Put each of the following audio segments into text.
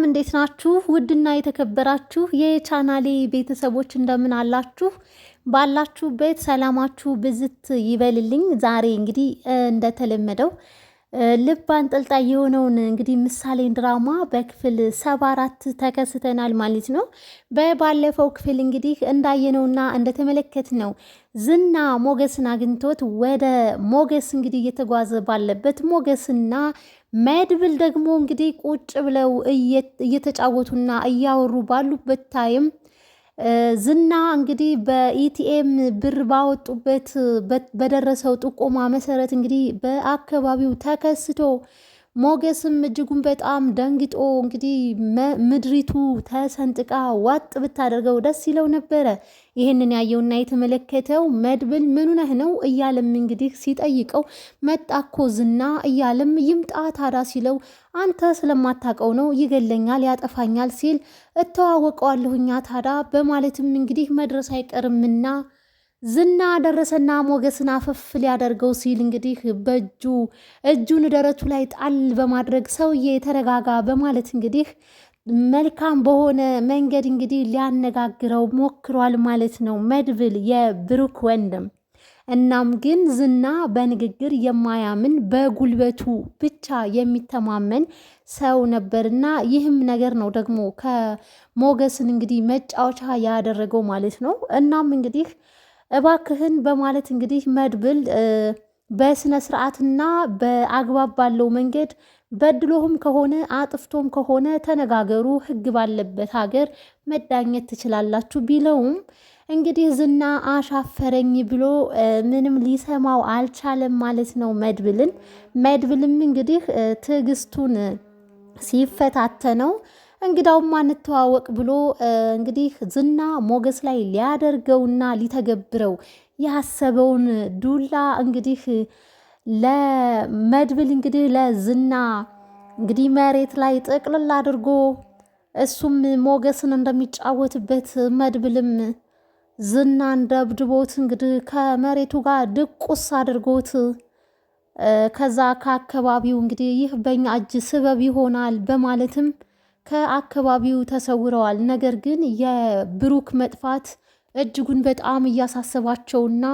ሰላም እንዴት ናችሁ? ውድና የተከበራችሁ የቻናሌ ቤተሰቦች እንደምን አላችሁ? ባላችሁበት ሰላማችሁ ብዝት ይበልልኝ። ዛሬ እንግዲህ እንደተለመደው ልብ አንጠልጣይ የሆነውን እንግዲህ ምሳሌን ድራማ በክፍል ሰባ አራት ተከስተናል ማለት ነው። በባለፈው ክፍል እንግዲህ እንዳየነውና እንደተመለከትነው ዝና ሞገስን አግኝቶት ወደ ሞገስ እንግዲህ እየተጓዘ ባለበት ሞገስና መድብል ደግሞ እንግዲህ ቁጭ ብለው እየተጫወቱና እያወሩ ባሉበት ታይም ዝና እንግዲህ በኢቲኤም ብር ባወጡበት በደረሰው ጥቆማ መሰረት እንግዲህ በአካባቢው ተከስቶ ሞገስም እጅጉን በጣም ደንግጦ እንግዲህ ምድሪቱ ተሰንጥቃ ዋጥ ብታደርገው ደስ ይለው ነበረ። ይህንን ያየውና የተመለከተው መድብል ምኑ ነህ ነው እያለም እንግዲህ ሲጠይቀው መጣኮ ዝና እያለም ይምጣ ታዳ ሲለው አንተ ስለማታውቀው ነው ይገለኛል፣ ያጠፋኛል ሲል እተዋወቀዋለሁኛ ታዳ በማለትም እንግዲህ መድረስ አይቀርምና ዝና ደረሰና ሞገስን አፈፍ ሊያደርገው ሲል እንግዲህ በእጁ እጁን ደረቱ ላይ ጣል በማድረግ ሰውዬ ተረጋጋ በማለት እንግዲህ መልካም በሆነ መንገድ እንግዲህ ሊያነጋግረው ሞክሯል ማለት ነው መድብል የብሩክ ወንድም። እናም ግን ዝና በንግግር የማያምን በጉልበቱ ብቻ የሚተማመን ሰው ነበርና ይህም ነገር ነው ደግሞ ከሞገስን እንግዲህ መጫወቻ ያደረገው ማለት ነው። እናም እንግዲህ እባክህን በማለት እንግዲህ መድብል በስነ ስርዓትና በአግባብ ባለው መንገድ በድሎም ከሆነ አጥፍቶም ከሆነ ተነጋገሩ፣ ህግ ባለበት ሀገር መዳኘት ትችላላችሁ ቢለውም እንግዲህ ዝና አሻፈረኝ ብሎ ምንም ሊሰማው አልቻለም ማለት ነው መድብልን። መድብልም እንግዲህ ትዕግስቱን ሲፈታተነው እንግዳውም አንተዋወቅ ብሎ እንግዲህ ዝና ሞገስ ላይ ሊያደርገውና ሊተገብረው ያሰበውን ዱላ እንግዲህ ለመድብል እንግዲህ ለዝና እንግዲህ መሬት ላይ ጥቅልል አድርጎ እሱም ሞገስን እንደሚጫወትበት መድብልም ዝናን ደብድቦት እንግዲህ ከመሬቱ ጋር ድቁስ አድርጎት ከዛ ከአካባቢው እንግዲህ ይህ በኛ እጅ ስበብ ይሆናል በማለትም ከአካባቢው ተሰውረዋል። ነገር ግን የብሩክ መጥፋት እጅጉን በጣም እያሳሰባቸውና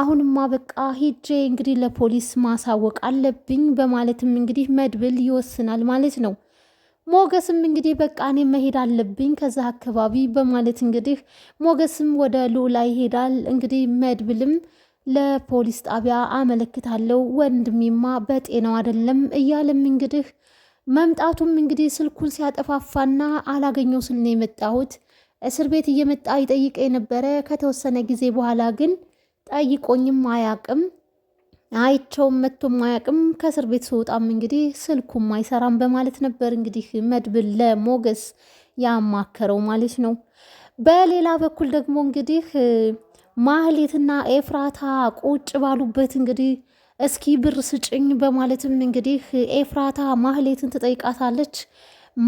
አሁንማ በቃ ሂጄ እንግዲህ ለፖሊስ ማሳወቅ አለብኝ በማለትም እንግዲህ መድብል ይወስናል ማለት ነው። ሞገስም እንግዲህ በቃ እኔ መሄድ አለብኝ ከዛ አካባቢ በማለት እንግዲህ ሞገስም ወደ ሉላ ይሄዳል። እንግዲህ መድብልም ለፖሊስ ጣቢያ አመለክታለሁ ወንድሜማ በጤናው አይደለም እያለም እንግዲህ መምጣቱም እንግዲህ ስልኩን ሲያጠፋፋና አላገኘው ስል ነው የመጣሁት። እስር ቤት እየመጣ ይጠይቀ የነበረ ከተወሰነ ጊዜ በኋላ ግን ጠይቆኝም አያቅም፣ አይቸውም መጥቶም አያቅም። ከእስር ቤት ስወጣም እንግዲህ ስልኩም አይሰራም በማለት ነበር እንግዲህ መድብል ለሞገስ ያማከረው ማለት ነው። በሌላ በኩል ደግሞ እንግዲህ ማህሌትና ኤፍራታ ቁጭ ባሉበት እንግዲህ እስኪ ብር ስጭኝ በማለትም እንግዲህ ኤፍራታ ማህሌትን ትጠይቃታለች።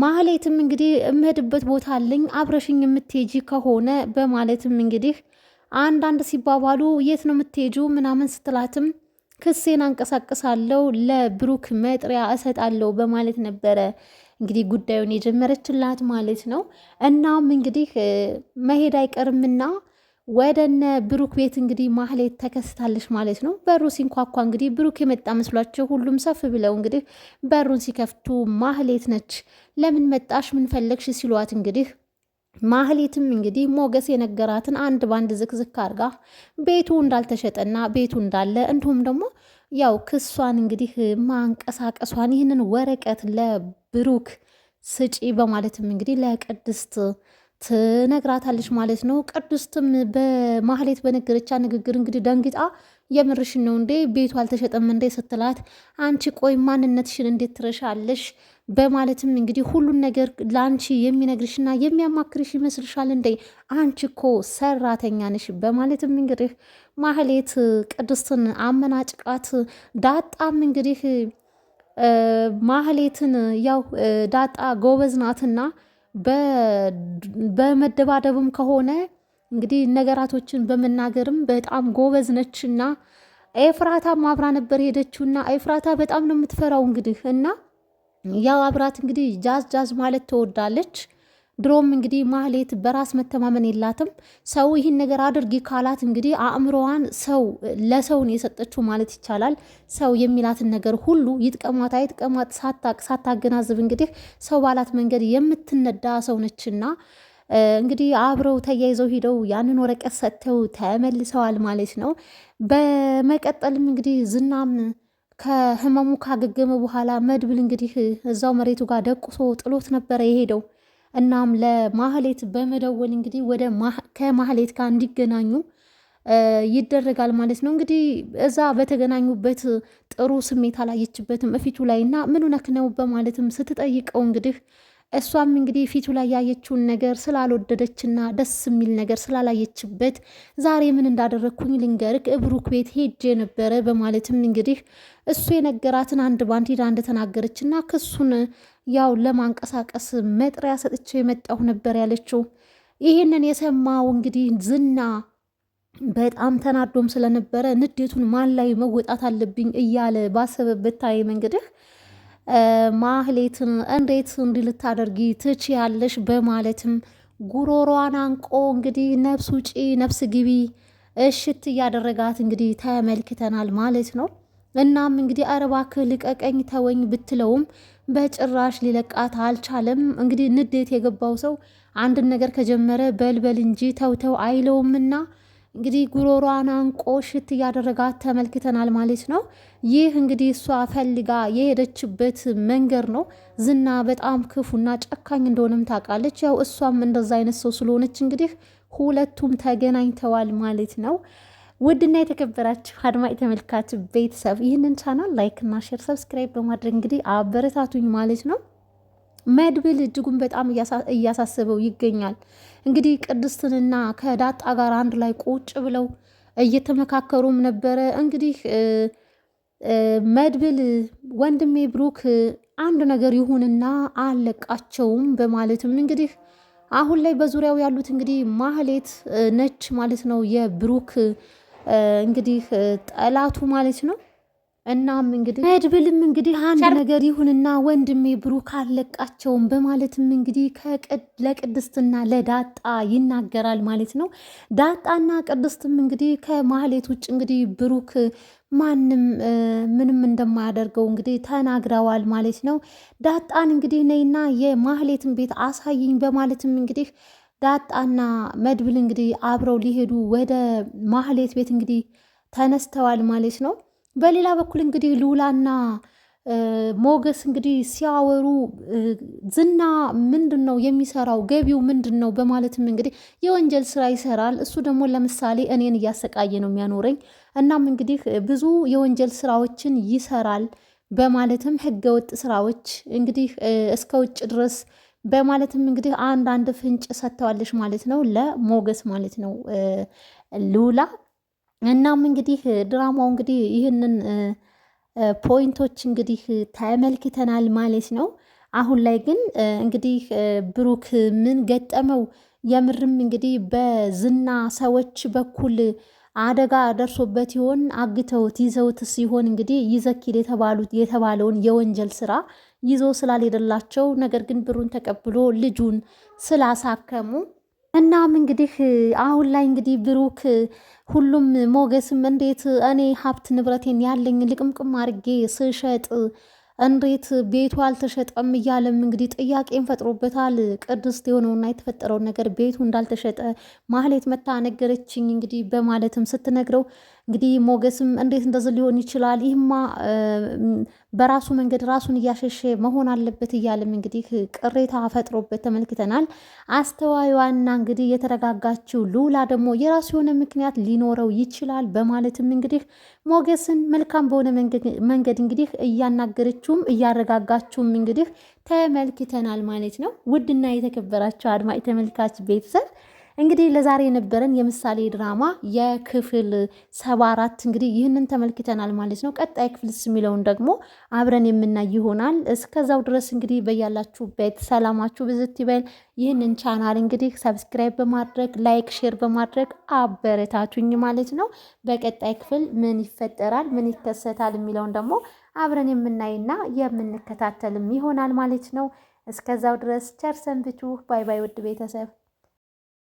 ማህሌትም እንግዲህ እምሄድበት ቦታ አለኝ አብረሽኝ የምትሄጂ ከሆነ በማለትም እንግዲህ አንዳንድ ሲባባሉ የት ነው የምትሄጁ ምናምን ስትላትም ክሴን አንቀሳቅሳለሁ ለብሩክ መጥሪያ እሰጣለሁ በማለት ነበረ እንግዲህ ጉዳዩን የጀመረችላት ማለት ነው። እናም እንግዲህ መሄድ አይቀርምና ወደነ ብሩክ ቤት እንግዲህ ማህሌት ተከስታለች ማለት ነው። በሩ ሲንኳኳ እንግዲህ ብሩክ የመጣ መስሏቸው ሁሉም ሰፍ ብለው እንግዲህ በሩን ሲከፍቱ ማህሌት ነች። ለምን መጣሽ? ምን ፈለግሽ? ሲሏት እንግዲህ ማህሌትም እንግዲህ ሞገስ የነገራትን አንድ ባንድ ዝቅዝቅ አርጋ ቤቱ እንዳልተሸጠና ቤቱ እንዳለ እንዲሁም ደግሞ ያው ክሷን እንግዲህ ማንቀሳቀሷን ይህንን ወረቀት ለብሩክ ስጪ በማለትም እንግዲህ ለቅድስት ትነግራታለች ማለት ነው። ቅዱስትም በማህሌት በነገረቻ ንግግር እንግዲህ ደንግጣ የምርሽን ነው እንዴ ቤቱ አልተሸጠም እንዴ ስትላት፣ አንቺ ቆይ ማንነትሽን እንዴት ትረሻለሽ? በማለትም እንግዲህ ሁሉን ነገር ለአንቺ የሚነግርሽና የሚያማክርሽ ይመስልሻል እንዴ? አንቺ እኮ ሰራተኛ ነሽ። በማለትም እንግዲህ ማህሌት ቅዱስትን አመናጭቃት ዳጣም እንግዲህ ማህሌትን ያው ዳጣ ጎበዝ ናትና በመደባደብም ከሆነ እንግዲህ ነገራቶችን በመናገርም በጣም ጎበዝ ነችና ኤፍራታ አብራ ነበር ሄደችውና ኤፍራታ በጣም ነው የምትፈራው እንግዲህ እና ያው አብራት እንግዲህ ጃዝ ጃዝ ማለት ትወዳለች። ድሮም እንግዲህ ማህሌት በራስ መተማመን የላትም። ሰው ይህን ነገር አድርጊ ካላት እንግዲህ አእምሮዋን ሰው ለሰውን የሰጠችው ማለት ይቻላል። ሰው የሚላትን ነገር ሁሉ ይጥቀሟት አይጥቀሟት ሳታቅ ሳታገናዝብ እንግዲህ ሰው ባላት መንገድ የምትነዳ ሰው ነችና እንግዲህ አብረው ተያይዘው ሂደው ያንን ወረቀት ሰጥተው ተመልሰዋል ማለት ነው። በመቀጠልም እንግዲህ ዝናም ከህመሙ ካገገመ በኋላ መድብል እንግዲህ እዛው መሬቱ ጋር ደቁሶ ጥሎት ነበረ የሄደው። እናም ለማህሌት በመደወል እንግዲህ ወደ ከማህሌት ጋር እንዲገናኙ ይደረጋል ማለት ነው። እንግዲህ እዛ በተገናኙበት ጥሩ ስሜት አላየችበትም እፊቱ ላይ እና ምን ነክ ነው በማለትም ስትጠይቀው እንግዲህ እሷም እንግዲህ ፊቱ ላይ ያየችውን ነገር ስላልወደደችና ደስ የሚል ነገር ስላላየችበት ዛሬ ምን እንዳደረግኩኝ ልንገርክ እብሩክ ቤት ሄጄ ነበረ በማለትም እንግዲህ እሱ የነገራትን አንድ ባንድ ሄዳ እንደተናገረችና ክሱን ያው ለማንቀሳቀስ መጥሪያ ሰጥቼ የመጣሁ ነበር ያለችው። ይህንን የሰማው እንግዲህ ዝና በጣም ተናዶም ስለነበረ ንዴቱን ማን ላይ መወጣት አለብኝ እያለ ባሰበበት ታይም እንግዲህ ማህሌትን እንዴት እንዲህ ልታደርጊ ትችያለሽ? በማለትም ጉሮሯን አንቆ እንግዲህ ነፍስ ውጪ ነፍስ ግቢ እሽት እያደረጋት እንግዲህ ተመልክተናል ማለት ነው። እናም እንግዲህ አረባክ ልቀቀኝ ተወኝ ብትለውም በጭራሽ ሊለቃት አልቻለም። እንግዲህ ንዴት የገባው ሰው አንድን ነገር ከጀመረ በልበል እንጂ ተውተው አይለውምና እንግዲህ ጉሮሯን አንቆ ሽት እያደረጋት ተመልክተናል ማለት ነው። ይህ እንግዲህ እሷ ፈልጋ የሄደችበት መንገድ ነው። ዝና በጣም ክፉና ጨካኝ እንደሆነም ታውቃለች። ያው እሷም እንደዛ አይነት ሰው ስለሆነች እንግዲህ ሁለቱም ተገናኝተዋል ማለት ነው። ውድና የተከበራችሁ አድማጭ ተመልካች ቤተሰብ ይህንን ቻናል ላይክና ሼር፣ ሰብስክራይብ በማድረግ እንግዲህ አበረታቱኝ ማለት ነው። መድብል እጅጉን በጣም እያሳሰበው ይገኛል። እንግዲህ ቅድስትንና ከዳጣ ጋር አንድ ላይ ቁጭ ብለው እየተመካከሩም ነበረ። እንግዲህ መድብል ወንድሜ ብሩክ አንድ ነገር ይሁንና አለቃቸውም በማለትም እንግዲህ አሁን ላይ በዙሪያው ያሉት እንግዲህ ማህሌት ነች ማለት ነው የብሩክ እንግዲህ ጠላቱ ማለት ነው። እናም እንግዲህ መድብልም እንግዲህ አንድ ነገር ይሁንና ወንድሜ ብሩክ አለቃቸውም በማለትም እንግዲህ ለቅድስትና ለዳጣ ይናገራል ማለት ነው። ዳጣና ቅድስትም እንግዲህ ከማህሌት ውጭ እንግዲህ ብሩክ ማንም ምንም እንደማያደርገው እንግዲህ ተናግረዋል ማለት ነው። ዳጣን እንግዲህ ነይና የማህሌትን ቤት አሳይኝ በማለትም እንግዲህ ዳጣና መድብል እንግዲህ አብረው ሊሄዱ ወደ ማህሌት ቤት እንግዲህ ተነስተዋል ማለት ነው። በሌላ በኩል እንግዲህ ሉላና ሞገስ እንግዲህ ሲያወሩ ዝና ምንድን ነው የሚሰራው? ገቢው ምንድን ነው? በማለትም እንግዲህ የወንጀል ስራ ይሰራል። እሱ ደግሞ ለምሳሌ እኔን እያሰቃየ ነው የሚያኖረኝ። እናም እንግዲህ ብዙ የወንጀል ስራዎችን ይሰራል በማለትም ህገወጥ ስራዎች እንግዲህ እስከ ውጭ ድረስ በማለትም እንግዲህ አንዳንድ ፍንጭ ሰጥተዋለች ማለት ነው፣ ለሞገስ ማለት ነው ሉላ እናም እንግዲህ ድራማው እንግዲህ ይህንን ፖይንቶች እንግዲህ ተመልክተናል ማለት ነው። አሁን ላይ ግን እንግዲህ ብሩክ ምን ገጠመው? የምርም እንግዲህ በዝና ሰዎች በኩል አደጋ ደርሶበት ይሆን? አግተውት ይዘውት ሲሆን እንግዲህ ይዘኪል የተባሉት የተባለውን የወንጀል ስራ ይዞ ስላልሄደላቸው ነገር ግን ብሩን ተቀብሎ ልጁን ስላሳከሙ እናም እንግዲህ አሁን ላይ እንግዲህ ብሩክ ሁሉም ሞገስም እንዴት እኔ ሀብት ንብረቴን ያለኝ ልቅምቅም አድርጌ ስሸጥ እንዴት ቤቱ አልተሸጠም እያለም እንግዲህ ጥያቄን ፈጥሮበታል። ቅድስት የሆነውና የተፈጠረውን ነገር ቤቱ እንዳልተሸጠ ማህሌት መታ ነገረችኝ እንግዲህ በማለትም ስትነግረው እንግዲህ ሞገስም እንዴት እንደዚህ ሊሆን ይችላል? ይህማ በራሱ መንገድ ራሱን እያሸሸ መሆን አለበት እያለም እንግዲህ ቅሬታ ፈጥሮበት ተመልክተናል። አስተዋይዋና እንግዲህ የተረጋጋችው ሉላ ደግሞ የራሱ የሆነ ምክንያት ሊኖረው ይችላል በማለትም እንግዲህ ሞገስን መልካም በሆነ መንገድ እንግዲህ እያናገረችውም እያረጋጋችውም እንግዲህ ተመልክተናል ማለት ነው። ውድና የተከበራቸው አድማጭ ተመልካች ቤተሰብ እንግዲህ ለዛሬ የነበረን የምሳሌ ድራማ የክፍል ሰባ አራት እንግዲህ ይህንን ተመልክተናል ማለት ነው። ቀጣይ ክፍልስ የሚለውን ደግሞ አብረን የምናይ ይሆናል። እስከዛው ድረስ እንግዲህ በያላችሁበት ሰላማችሁ ብዝት ይበል። ይህንን ቻናል እንግዲህ ሰብስክራይብ በማድረግ ላይክ፣ ሼር በማድረግ አበረታቱኝ ማለት ነው። በቀጣይ ክፍል ምን ይፈጠራል፣ ምን ይከሰታል የሚለውን ደግሞ አብረን የምናይና የምንከታተልም ይሆናል ማለት ነው። እስከዛው ድረስ ቸር ሰንብቱ። ባይ ባይ፣ ውድ ቤተሰብ